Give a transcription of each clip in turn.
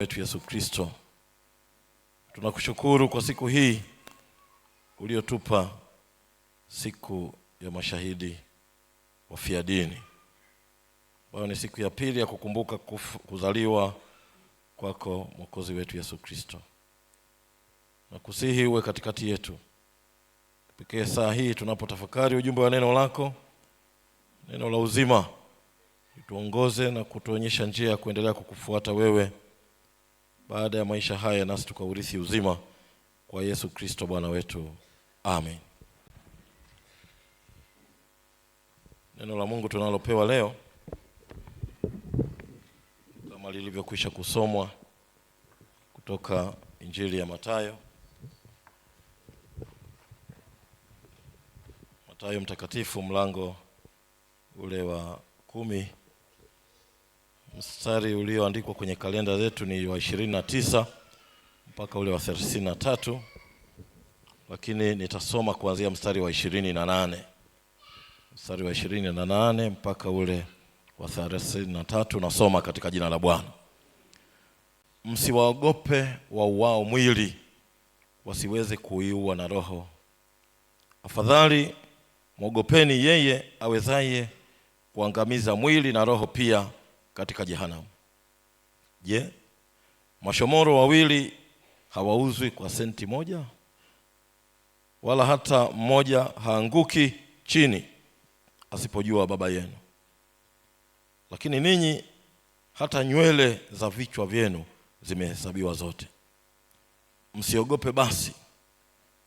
wetu Yesu Kristo, tunakushukuru kwa siku hii uliotupa, siku ya mashahidi wafia dini, ambayo ni siku ya pili ya kukumbuka kufu, kuzaliwa kwako mwokozi wetu Yesu Kristo. Nakusihi uwe katikati yetu pekee saa hii tunapotafakari ujumbe wa neno lako, neno la uzima, utuongoze na kutuonyesha njia ya kuendelea kukufuata wewe baada ya maisha haya, nasi tukaurithi uzima kwa Yesu Kristo Bwana wetu, amen. Neno la Mungu tunalopewa leo kama lilivyokwisha kusomwa kutoka Injili ya matayo Matayo mtakatifu mlango ule wa kumi mstari ulioandikwa kwenye kalenda zetu ni wa ishirini na tisa mpaka ule wa thelathini na tatu lakini nitasoma kuanzia mstari wa ishirini na nane mstari wa ishirini na nane mpaka ule wa thelathini na tatu Nasoma katika jina la Bwana. Msiwaogope wauwao mwili, wasiweze kuiua na roho. Afadhali Mwogopeni yeye awezaye kuangamiza mwili na roho pia katika jehanamu. Je, mashomoro wawili hawauzwi kwa senti moja? Wala hata mmoja haanguki chini asipojua Baba yenu. Lakini ninyi hata nywele za vichwa vyenu zimehesabiwa zote. Msiogope basi,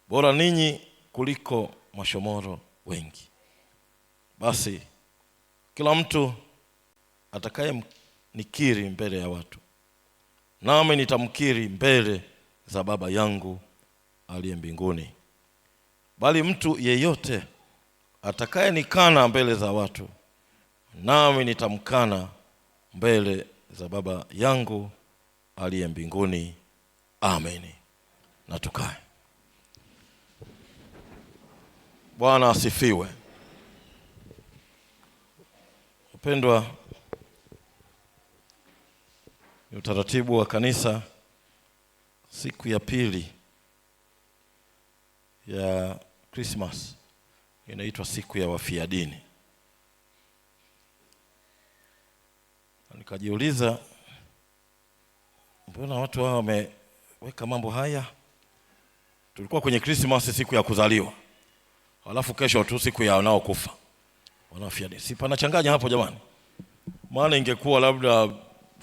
bora ninyi kuliko mashomoro wengi. Basi kila mtu atakaye nikiri mbele ya watu, nami nitamkiri mbele za Baba yangu aliye mbinguni. Bali mtu yeyote atakayenikana mbele za watu, nami nitamkana mbele za Baba yangu aliye mbinguni. Amen. Na tukae. Bwana asifiwe. Wapendwa, ni utaratibu wa kanisa siku ya pili ya Krismas inaitwa siku ya wafia dini. Nikajiuliza, mbona watu hawa wameweka mambo haya? Tulikuwa kwenye Krismas, siku ya kuzaliwa halafu kesho tu siku ya wanaokufa wanafia. Si panachanganya hapo jamani? Maana ingekuwa labda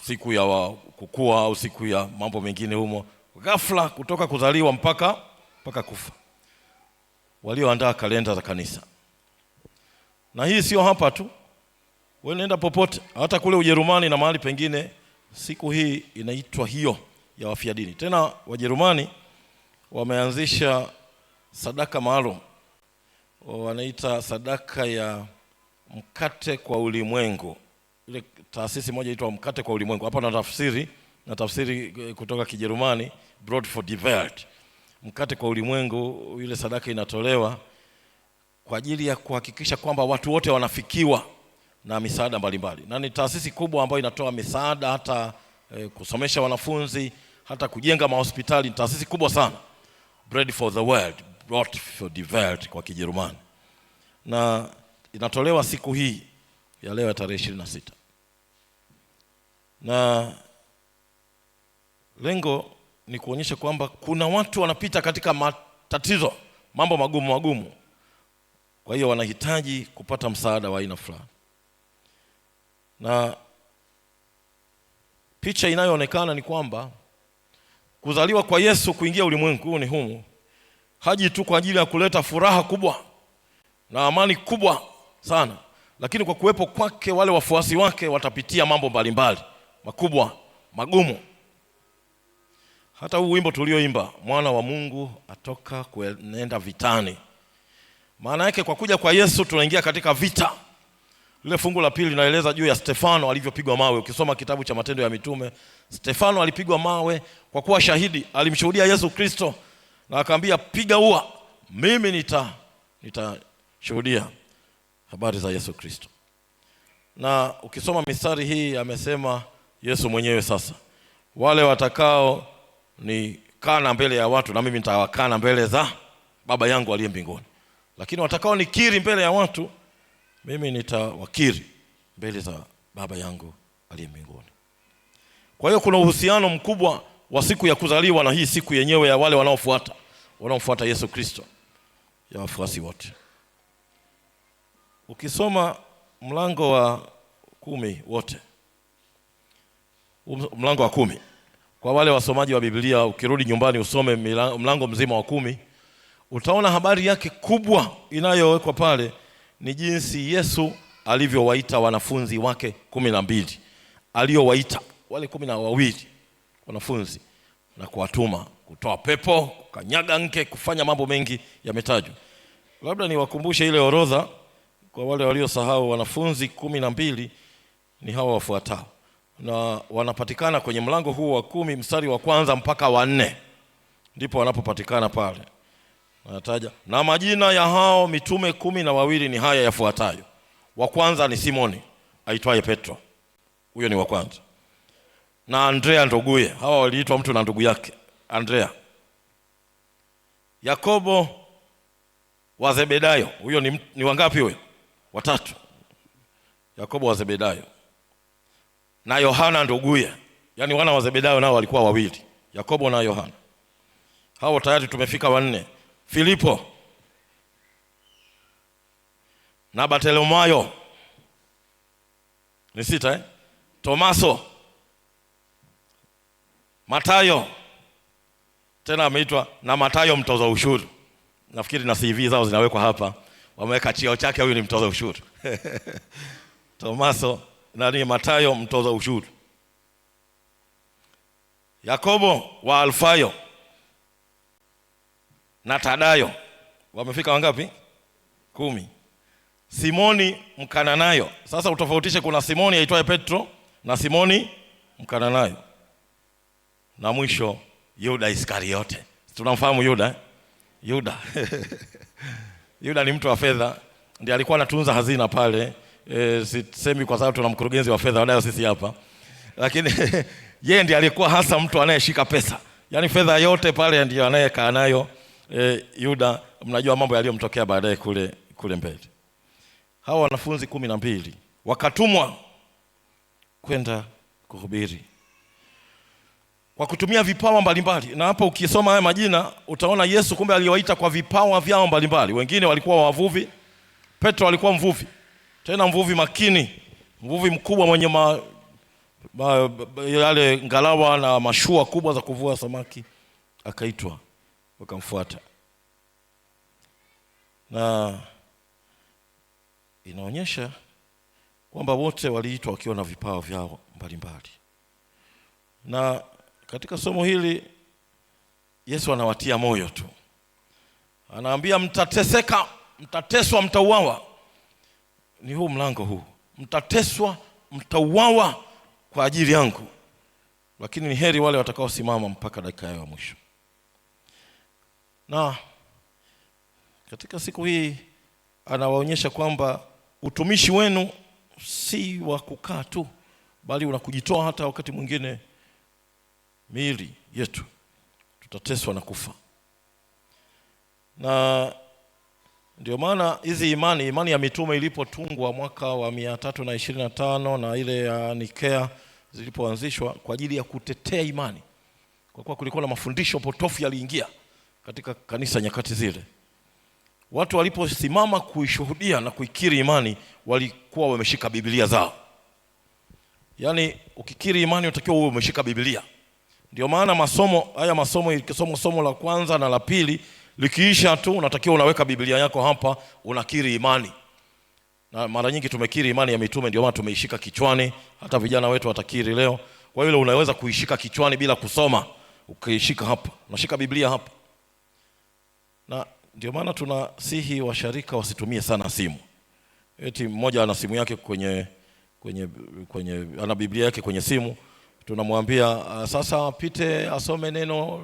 siku ya kukua au siku ya mambo mengine humo, ghafla kutoka kuzaliwa mpaka mpaka kufa. Walioandaa kalenda za kanisa, na hii sio hapa tu, wewe nenda popote, hata kule Ujerumani na mahali pengine, siku hii inaitwa hiyo ya wafia dini. Tena Wajerumani wameanzisha sadaka maalum wanaita sadaka ya mkate kwa ulimwengu. Ile taasisi moja inaitwa mkate kwa ulimwengu. Hapa na tafsiri na tafsiri eh, kutoka Kijerumani, Broad for Welt, mkate kwa ulimwengu. Ile sadaka inatolewa kwa ajili ya kuhakikisha kwamba watu wote wanafikiwa na misaada mbalimbali, na ni taasisi kubwa ambayo inatoa misaada hata e, kusomesha wanafunzi hata kujenga mahospitali. Ni taasisi kubwa sana, Bread for the World, Brot für die Welt kwa Kijerumani, na inatolewa siku hii ya leo ya tarehe ishirini na sita na lengo ni kuonyesha kwamba kuna watu wanapita katika matatizo, mambo magumu magumu, kwa hiyo wanahitaji kupata msaada wa aina fulani. Na picha inayoonekana ni kwamba kuzaliwa kwa Yesu kuingia ulimwengu ni humu haji tu kwa ajili ya kuleta furaha kubwa na amani kubwa sana, lakini kwa kuwepo kwake wale wafuasi wake watapitia mambo mbalimbali makubwa magumu. Hata huu wimbo tulioimba, mwana wa Mungu atoka kuenenda vitani, maana yake kwa kuja kwa Yesu tunaingia katika vita. Lile fungu la pili linaeleza juu ya Stefano alivyopigwa mawe. Ukisoma kitabu cha Matendo ya Mitume, Stefano alipigwa mawe kwa kuwa shahidi, alimshuhudia Yesu Kristo na akaambia piga ua, mimi nita nitashuhudia habari za Yesu Kristo. Na ukisoma mistari hii amesema Yesu mwenyewe sasa, wale watakao nikana mbele ya watu na mimi nitawakana mbele za Baba yangu aliye mbinguni, lakini watakao kiri mbele ya watu mimi nitawakiri mbele za Baba yangu aliye mbinguni. Kwa hiyo kuna uhusiano mkubwa wa siku ya kuzaliwa na hii siku yenyewe ya wale wanaofuata wanaofuata Yesu Kristo ya wafuasi wote. Ukisoma mlango wa kumi wote, um, mlango wa kumi kwa wale wasomaji wa Biblia, ukirudi nyumbani usome mlango mzima wa kumi, utaona habari yake kubwa inayowekwa pale ni jinsi Yesu alivyowaita wanafunzi wake kumi na mbili aliowaita wale kumi na wawili wanafunzi na kuwatuma kutoa pepo, kukanyaga nke kufanya mambo mengi yametajwa. Labda niwakumbushe ile orodha kwa wale waliosahau. Wanafunzi kumi na mbili ni hawa wafuatao, na wanapatikana kwenye mlango huu wa kumi mstari wa kwanza mpaka wa nne, ndipo wanapopatikana pale. Nataja na majina ya hao mitume kumi na wawili ni haya yafuatayo. Wa kwanza ni Simoni aitwaye Petro, huyo ni wa kwanza na Andrea nduguye. Hawa waliitwa mtu na ndugu yake Andrea. Yakobo wa Zebedayo, huyo ni, ni wangapi huyo? Watatu. Yakobo wa Zebedayo na Yohana nduguye, yaani wana wa Zebedayo nao walikuwa wawili, Yakobo na Yohana. Hao tayari tumefika wanne. Filipo na Bartolomayo ni sita eh? Tomaso Matayo tena ameitwa na Matayo mtoza ushuru. Nafikiri na CV zao zinawekwa hapa, wameweka cheo chake, huyu ni mtoza ushuru Tomaso nani? Matayo mtoza ushuru, Yakobo wa Alfayo na Tadayo wamefika wangapi? Kumi. Simoni Mkananayo. Sasa utofautishe, kuna Simoni aitwaye Petro na Simoni Mkananayo na mwisho Yuda Iskariote. Tunamfahamu Yuda, eh? Yuda Yuda ni mtu wa fedha, ndiye alikuwa anatunza hazina pale. E, sisemi kwa sababu tuna mkurugenzi wa fedha wadayo sisi hapa, lakini yeye ndiye alikuwa hasa mtu anayeshika pesa, yaani fedha yote pale ndiyo anayekaa nayo. E, Yuda, mnajua mambo yaliyomtokea baadaye kule kule mbele. Hawa wanafunzi kumi na mbili wakatumwa kwenda kuhubiri kwa kutumia vipawa mbalimbali. Na hapo ukisoma haya majina utaona Yesu kumbe aliwaita kwa vipawa vyao mbalimbali. Wengine walikuwa wavuvi. Petro alikuwa mvuvi, tena mvuvi makini, mvuvi mkubwa mwenye ma, ma, yale ngalawa na mashua kubwa za kuvua samaki, akaitwa wakamfuata, na inaonyesha kwamba wote waliitwa wakiwa na vipawa vyao mbalimbali na katika somo hili Yesu anawatia moyo tu, anaambia mtateseka, mtateswa, mtauawa. Ni huu mlango huu, mtateswa, mtauawa kwa ajili yangu, lakini ni heri wale watakaosimama mpaka dakika yao ya mwisho. Na katika siku hii anawaonyesha kwamba utumishi wenu si wa kukaa tu, bali unakujitoa hata wakati mwingine miili yetu tutateswa na kufa, na ndio maana hizi imani imani ya mitume ilipotungwa mwaka wa mia tatu na ishirini na tano na ile ya Nikea zilipoanzishwa kwa ajili ya kutetea imani, kwa kuwa kulikuwa na mafundisho potofu yaliingia katika kanisa nyakati zile. Watu waliposimama kuishuhudia na kuikiri imani walikuwa wameshika Biblia zao. Yaani ukikiri imani unatakiwa uwe umeshika Biblia. Ndio maana masomo haya masomo somo, somo la kwanza na la pili likiisha tu unatakiwa unaweka Biblia yako hapa, unakiri imani. Na mara nyingi tumekiri imani ya mitume, ndio maana tumeishika kichwani. Hata vijana wetu watakiri leo. Kwa hiyo unaweza kuishika kichwani bila kusoma, ukaishika hapa, unashika Biblia hapa. Na ndio maana tunasihi washarika wasitumie sana simu. Eti mmoja ana simu yake kwenye, kwenye, kwenye ana Biblia yake kwenye simu tunamwambia ah, sasa apite asome neno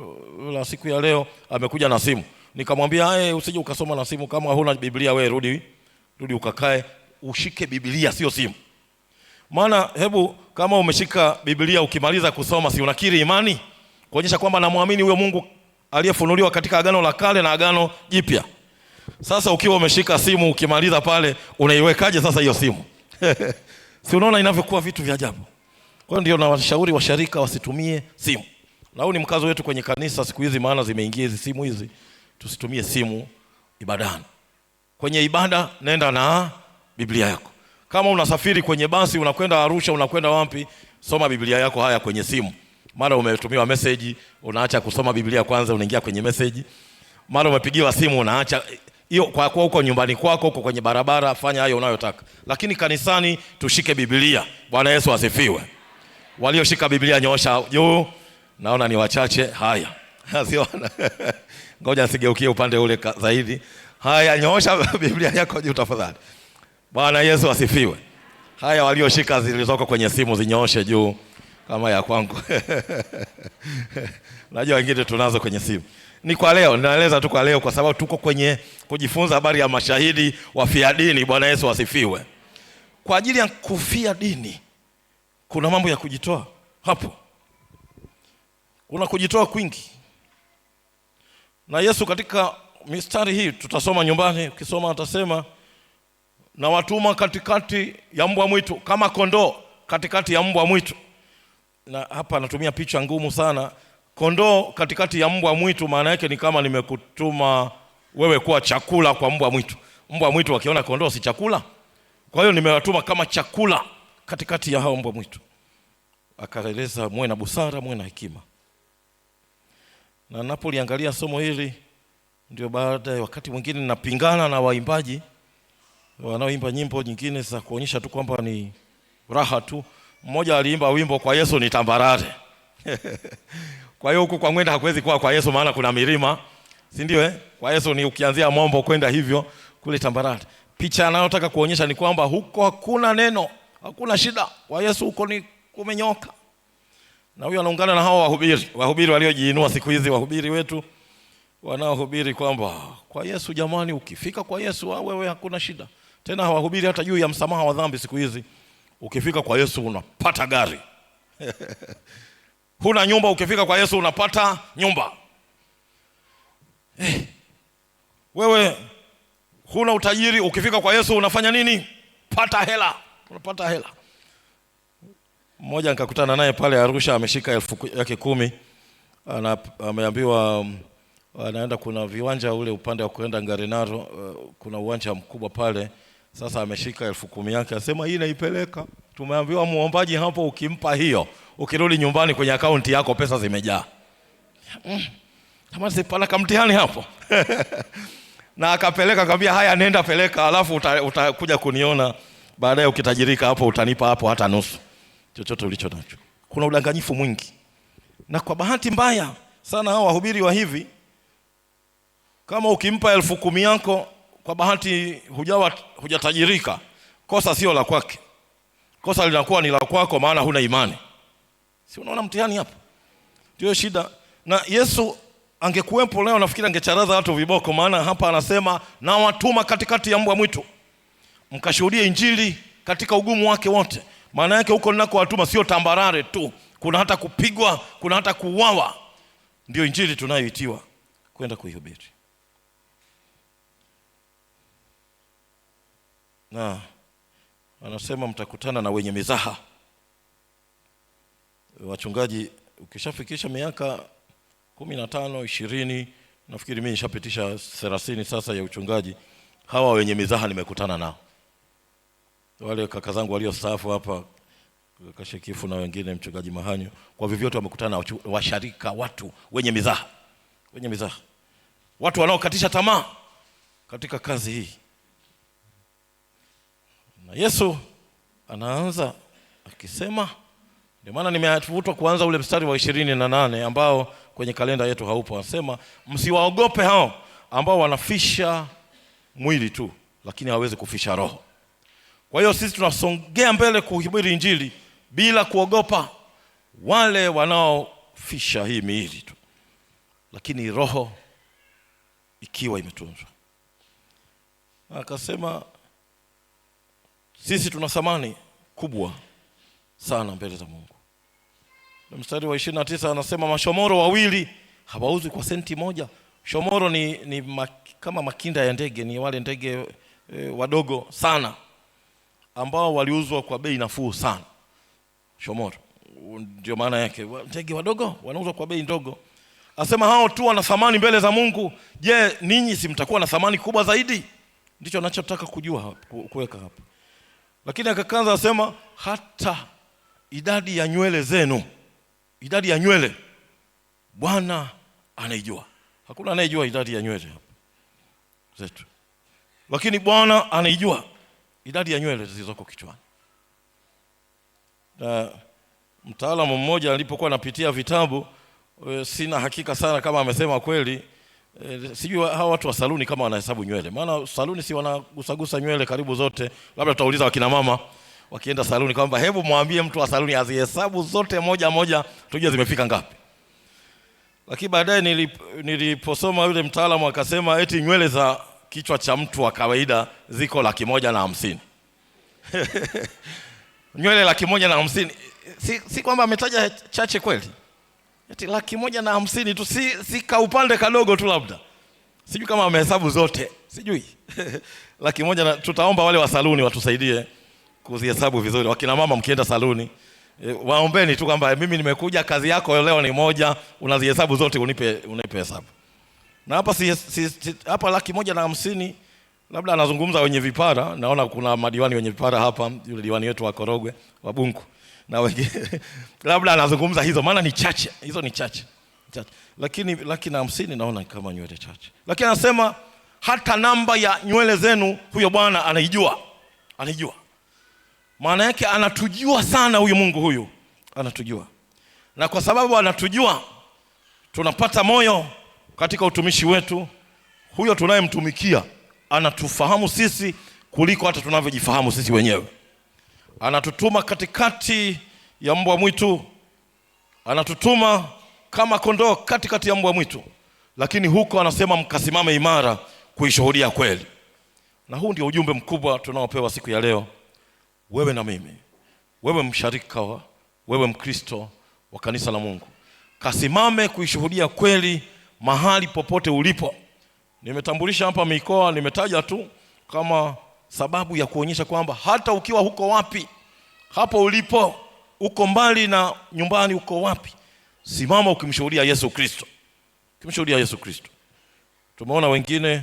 la siku ya leo. Amekuja na simu, nikamwambia hey, eh, usije ukasoma na simu. Kama huna Biblia we rudi, rudi ukakae ushike Biblia, sio simu. Maana hebu kama umeshika Biblia ukimaliza kusoma, si unakiri imani kuonyesha kwamba namwamini huyo Mungu aliyefunuliwa katika Agano la Kale na Agano Jipya. Sasa ukiwa umeshika simu ukimaliza pale, unaiwekaje sasa hiyo simu? si unaona inavyokuwa vitu vya ajabu. Kwa hiyo ndio nawashauri washarika wasitumie simu, na huu ni mkazo wetu kwenye kanisa siku hizi, maana zimeingia hizi simu hizi. Tusitumie simu ibadani. Kwenye ibada nenda na Biblia yako. Kama unasafiri kwenye basi, unakwenda Arusha, unakwenda wapi, soma Biblia yako. Haya, kwenye simu mara umetumiwa message, unaacha kusoma Biblia kwanza, unaingia kwenye message. Mara umepigiwa simu, unaacha hiyo kwa kuwa uko nyumbani kwako, uko kwenye barabara, fanya hayo unayotaka, lakini kanisani tushike Biblia. Bwana Yesu asifiwe. Walioshika Biblia nyoosha juu. Naona ni wachache. Haya, ngoja sigeukie upande ule zaidi. Haya, nyoosha Biblia yako juu tafadhali. Bwana Yesu asifiwe. Haya, walioshika zilizoko kwenye simu zinyooshe juu kama ya kwangu. Najua wengine tunazo kwenye simu. Ni kwa leo, ninaeleza tu kwa leo, kwa sababu tuko kwenye kujifunza habari ya mashahidi wafia dini. Bwana Yesu asifiwe. Kwa ajili ya kufia dini kuna mambo ya kujitoa hapo, kuna kujitoa kwingi. Na Yesu katika mistari hii tutasoma nyumbani, ukisoma atasema na watuma katikati ya mbwa mwitu kama kondoo katikati ya mbwa mwitu. Na hapa anatumia picha ngumu sana. Kondoo katikati ya mbwa mwitu, maana yake ni kama nimekutuma wewe kuwa chakula kwa mbwa mwitu. Mbwa mwitu wakiona kondoo si chakula, kwa hiyo nimewatuma kama chakula katikati ya hao mbwa mwitu, akaeleza mwe na busara, mwe na hekima. Na napoliangalia somo hili, ndio baada ya wakati mwingine napingana na waimbaji wanaoimba nyimbo nyingine za kuonyesha tu kwamba ni raha tu. Mmoja aliimba wimbo kwa Yesu ni tambarare kwa hiyo huku kwa mwenda hakuwezi kuwa kwa Yesu, maana kuna milima, si ndio? Eh, kwa Yesu ni ukianzia Mombo kwenda hivyo kule tambarare. Picha anayotaka kuonyesha ni kwamba huko hakuna neno hakuna shida, kwa Yesu huko ni kumenyoka. Na huyo anaungana na hao wahubiri, wahubiri waliojiinua siku hizi, wahubiri wetu wanaohubiri kwamba kwa Yesu jamani, ukifika kwa Yesu ah, wewe hakuna shida tena. Hawahubiri hata juu ya msamaha wa dhambi siku hizi. Ukifika kwa Yesu unapata gari huna nyumba, ukifika kwa Yesu unapata nyumba eh. Wewe huna utajiri, ukifika kwa Yesu unafanya nini? Pata hela unapata hela. Mmoja nikakutana naye pale Arusha, ameshika elfu yake kumi ameambiwa um, anaenda kuna viwanja ule upande wa kuenda Ngarenaro, uh, kuna uwanja mkubwa pale. Sasa ameshika elfu kumi yake, asema hii naipeleka. Tumeambiwa muombaji hapo, ukimpa hiyo, ukirudi nyumbani kwenye akaunti yako pesa zimejaa. Mm, sipana kamtihani hapo na akapeleka, akamwambia haya, nenda peleka, alafu utakuja uta kuniona baadaye ukitajirika hapo utanipa hapo hata nusu chochote ulicho nacho. Kuna udanganyifu mwingi, na kwa bahati mbaya sana hao wahubiri wa hivi, kama ukimpa elfu kumi yako kwa bahati hujawa hujatajirika, kosa sio la kwake, kosa linakuwa ni la kwako, maana huna imani. Si unaona mtihani hapo? Ndio shida. Na Yesu angekuwepo leo, nafikiri angecharaza watu viboko, maana hapa anasema nawatuma katikati ya mbwa mwitu mkashuhudia injili katika ugumu wake wote. Maana yake huko ninako watuma sio tambarare tu, kuna hata kupigwa, kuna hata kuuawa. Ndio injili tunayoitiwa kwenda kuihubiri. Na anasema mtakutana na wenye mizaha. Wachungaji, ukishafikisha miaka kumi na tano ishirini, nafikiri mimi nishapitisha thelathini sasa ya uchungaji, hawa wenye mizaha nimekutana nao wale kaka zangu waliostaafu hapa Kashekifu na wengine, mchungaji Mahanyo, kwa vyovyote wamekutana na washarika, watu wenye mizaha, wenye mizaha, watu wanaokatisha tamaa katika kazi hii. Na Yesu anaanza akisema, ndio maana nimevutwa kuanza ule mstari wa ishirini na nane ambao kwenye kalenda yetu haupo. Anasema, msiwaogope hao ambao wanafisha mwili tu, lakini hawezi kufisha roho. Kwa hiyo sisi tunasongea mbele kuhubiri injili bila kuogopa wale wanaofisha hii miili tu, lakini roho ikiwa imetunzwa. Akasema sisi tuna thamani kubwa sana mbele za Mungu. Na mstari wa ishirini na tisa anasema mashomoro wawili hawauzwi kwa senti moja. Shomoro ni, ni mak, kama makinda ya ndege, ni wale ndege e, wadogo sana ambao waliuzwa kwa bei nafuu sana shomoro, ndio maana yake ndege wadogo wanauzwa kwa bei ndogo. Asema hao tu wana thamani mbele za Mungu. Je, ninyi si mtakuwa na thamani kubwa zaidi? Ndicho anachotaka kujua kuweka hapa, lakini akakanza asema hata idadi ya nywele zenu, idadi ya nywele Bwana anaijua. Hakuna anayejua idadi ya nywele hapa zetu, lakini Bwana anaijua idadi ya nywele zilizoko kichwani. Na mtaalamu mmoja alipokuwa anapitia vitabu, eh, sina hakika sana kama amesema kweli e, sijui hawa watu wa saluni kama wanahesabu nywele, maana saluni si wanagusagusa nywele karibu zote. Labda tutauliza wakina mama wakienda saluni kwamba hebu mwambie mtu wa saluni azihesabu zote moja moja, tujue zimefika ngapi. Lakini baadaye niliposoma yule mtaalamu akasema eti nywele za kichwa cha mtu wa kawaida ziko laki moja na hamsini nywele laki moja na hamsini si, si kwamba ametaja chache kweli, eti laki moja na hamsini tu, si, si kaupande kadogo tu, labda sijui kama amehesabu zote sijui laki moja na, tutaomba wale wa saluni watusaidie kuzihesabu vizuri. Wakina mama mkienda saluni e, waombeni tu kwamba mimi nimekuja, kazi yako leo ni moja, unazihesabu zote, unipe unipe hesabu na hapa si, si, si, hapa laki moja na hamsini labda anazungumza wenye vipara. Naona kuna madiwani wenye vipara hapa, yule diwani wetu wa Korogwe wa Bunku na wengine labda anazungumza hizo, maana ni chache hizo, ni chache chache, lakini laki na hamsini naona kama nywele chache, lakini anasema hata namba ya nywele zenu huyo Bwana anaijua, anaijua. Maana yake anatujua sana huyu Mungu, huyu anatujua, na kwa sababu anatujua tunapata moyo katika utumishi wetu, huyo tunayemtumikia anatufahamu sisi kuliko hata tunavyojifahamu sisi wenyewe. Anatutuma katikati ya mbwa mwitu, anatutuma kama kondoo katikati ya mbwa mwitu, lakini huko anasema mkasimame imara kuishuhudia kweli. Na huu ndio ujumbe mkubwa tunaopewa siku ya leo, wewe na mimi, wewe msharika, wewe Mkristo wa kanisa la Mungu, kasimame kuishuhudia kweli mahali popote ulipo. Nimetambulisha hapa mikoa, nimetaja tu kama sababu ya kuonyesha kwamba hata ukiwa huko wapi, hapo ulipo, uko mbali na nyumbani, uko wapi, simama ukimshuhudia Yesu Kristo, ukimshuhudia Yesu Kristo. Tumeona wengine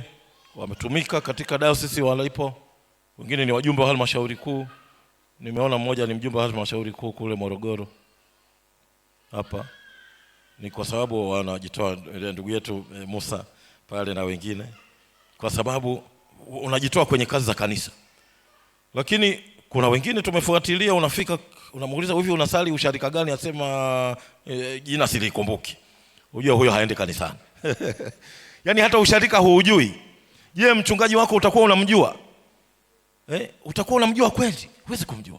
wametumika katika dayosisi walipo, wengine ni wajumbe wa halmashauri kuu. Nimeona mmoja ni mjumbe wa halmashauri kuu kule Morogoro hapa ni kwa sababu wanajitoa, eh, ndugu yetu eh, Musa pale na wengine, kwa sababu unajitoa kwenye kazi za kanisa. Lakini kuna wengine tumefuatilia, unafika unamuuliza, hivi unasali usharika gani? Asema e, eh, jina silikumbuki. Unajua huyo haendi kanisani yaani hata usharika huujui. Je, mchungaji wako utakuwa unamjua eh? Utakuwa unamjua kweli? Huwezi kumjua.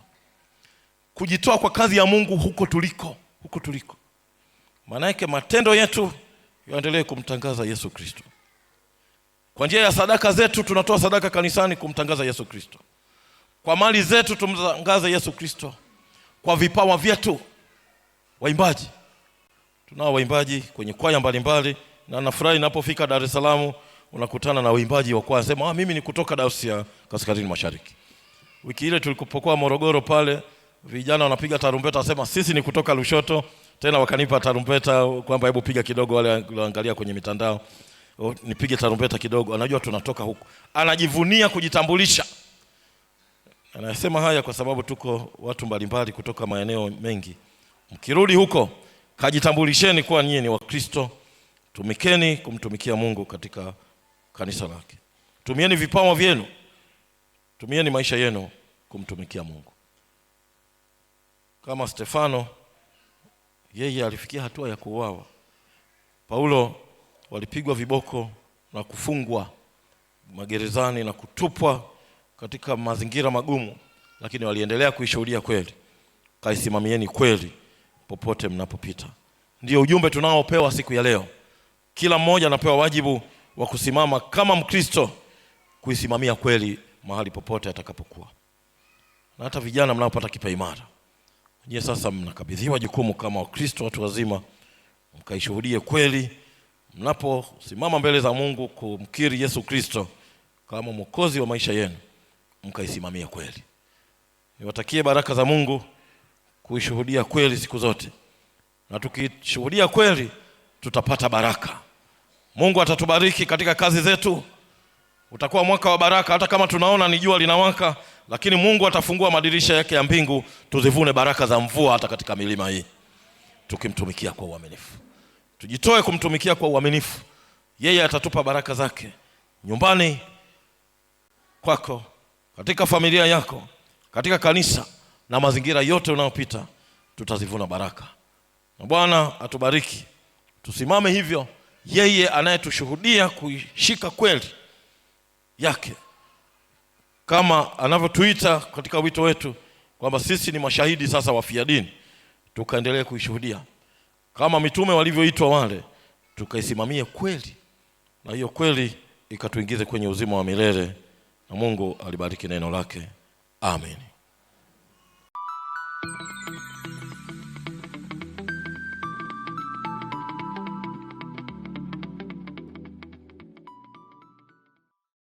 Kujitoa kwa kazi ya Mungu huko tuliko, huko tuliko maana yake matendo yetu yaendelee kumtangaza Yesu Kristo. Kwa njia ya sadaka zetu tunatoa sadaka kanisani kumtangaza Yesu Kristo. Kwa mali zetu tumtangaze Yesu Kristo. Kwa vipawa vyetu, waimbaji, tunao waimbaji kwenye kwaya mbalimbali, na nafurahi ninapofika Dar es Salaam unakutana na waimbaji wa kwaya sema, ah, mimi ni kutoka Dayosisi ya Kaskazini Mashariki. Wiki ile tulipokuwa Morogoro pale, vijana wanapiga tarumbeta, sema sisi ni kutoka Lushoto. Tena wakanipa tarumbeta kwamba hebu piga kidogo, wale walioangalia kwenye mitandao, nipige tarumbeta kidogo, anajua tunatoka huku. Anajivunia kujitambulisha. Anasema haya kwa sababu tuko watu mbalimbali kutoka maeneo mengi. Mkirudi huko, kajitambulisheni kuwa nyinyi ni Wakristo, tumikeni kumtumikia Mungu katika kanisa lake, tumieni vipawa vyenu, tumieni maisha yenu kumtumikia Mungu kama Stefano yeye alifikia hatua ya kuuawa. Paulo walipigwa viboko na kufungwa magerezani na kutupwa katika mazingira magumu, lakini waliendelea kuishuhudia kweli. Kaisimamieni kweli popote mnapopita. Ndio ujumbe tunaopewa siku ya leo. Kila mmoja anapewa wajibu wa kusimama kama Mkristo, kuisimamia kweli mahali popote atakapokuwa, na hata vijana mnaopata kipaimara Je, sasa mnakabidhiwa jukumu kama Wakristo watu wazima mkaishuhudie kweli mnaposimama mbele za Mungu kumkiri Yesu Kristo kama mwokozi wa maisha yenu, mkaisimamia kweli. Niwatakie baraka za Mungu kuishuhudia kweli siku zote, na tukishuhudia kweli tutapata baraka. Mungu atatubariki katika kazi zetu, utakuwa mwaka wa baraka, hata kama tunaona ni jua linawaka lakini Mungu atafungua madirisha yake ya mbingu, tuzivune baraka za mvua hata katika milima hii, tukimtumikia kwa uaminifu. Tujitoe kumtumikia kwa uaminifu, yeye atatupa baraka zake nyumbani kwako, katika familia yako, katika kanisa na mazingira yote unayopita, tutazivuna baraka. Na Bwana atubariki, tusimame hivyo. Yeye anayetushuhudia kuishika kweli yake kama anavyotuita katika wito wetu kwamba sisi ni mashahidi sasa wafia dini, tukaendelee kuishuhudia kama mitume walivyoitwa wale, tukaisimamie kweli, na hiyo kweli ikatuingize kwenye uzima wa milele. Na Mungu alibariki neno lake, amen.